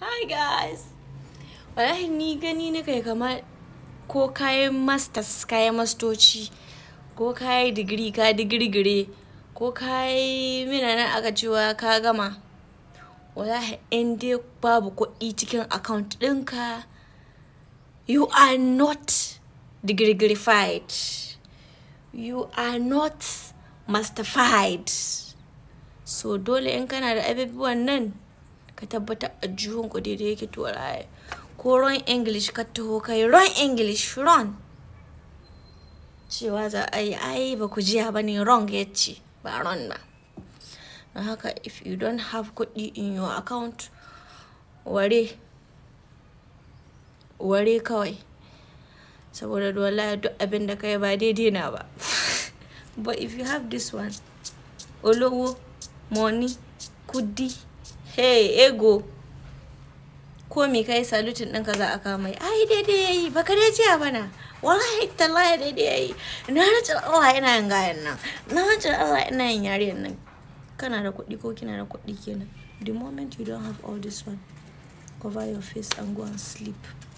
hi guys wallahi ni gani na kai kamar ko kayi masters kayi mastoci ko kayi digiri ka digirgire ko kayi mina nan aka cewa ka gama wallahi in dai babu kuɗi cikin account ɗinka you are not digirgirified you are not masterfied so dole in kana da abubuwan nan ka tabbatar a juhun ku daidai yake to raye ko ron english ka taho kai ron english ron cewa za a yi ai ba ku jiya ba ne run ya ce ba ron ba don haka if you don't have kuɗi in your account ware ware kawai saboda wallahi duk abin da kai ba daidai na ba but if you have this one olowo money kudi hey ego ko mi kai salutin ka za a kama ai daidai yayi baka dai jiya bana wallahi tallahi daidai yayi na rajin Allah ina yin gayan nan na rajin Allah ina yin yariyan nan kana da kuɗi ko kina da kuɗi kenan the moment you don't have all this one cover your face and go and sleep